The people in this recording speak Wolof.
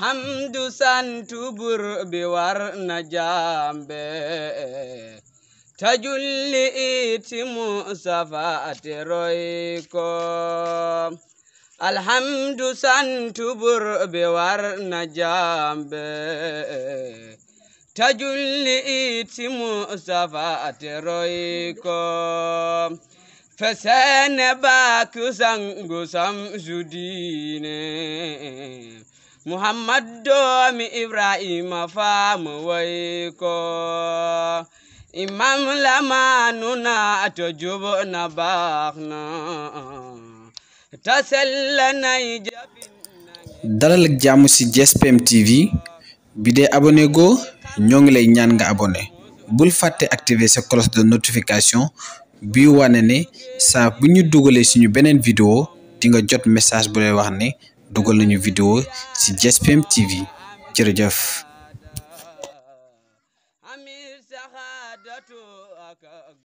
hamdu santubur be warna jambe ta julli itimu safateroyko alhamdu santubur be warna jambe ta julli itimu safateroyko fesene bakusangusam sudine muhammad doomi ibrahima faama way ko imam lamaanu na to baax na ta sella nay dalal ak jàmm ci Dies PM TV bi dee abonné goo ñoo ngi lay ñaan nga abonné bul fàtte activer sa cloche de notification bi wane ne saa bu ñu dugalee suñu beneen vidéo di nga jot message bu wax ne dugal nañu vidéo ci Dias PM TV jërëjëf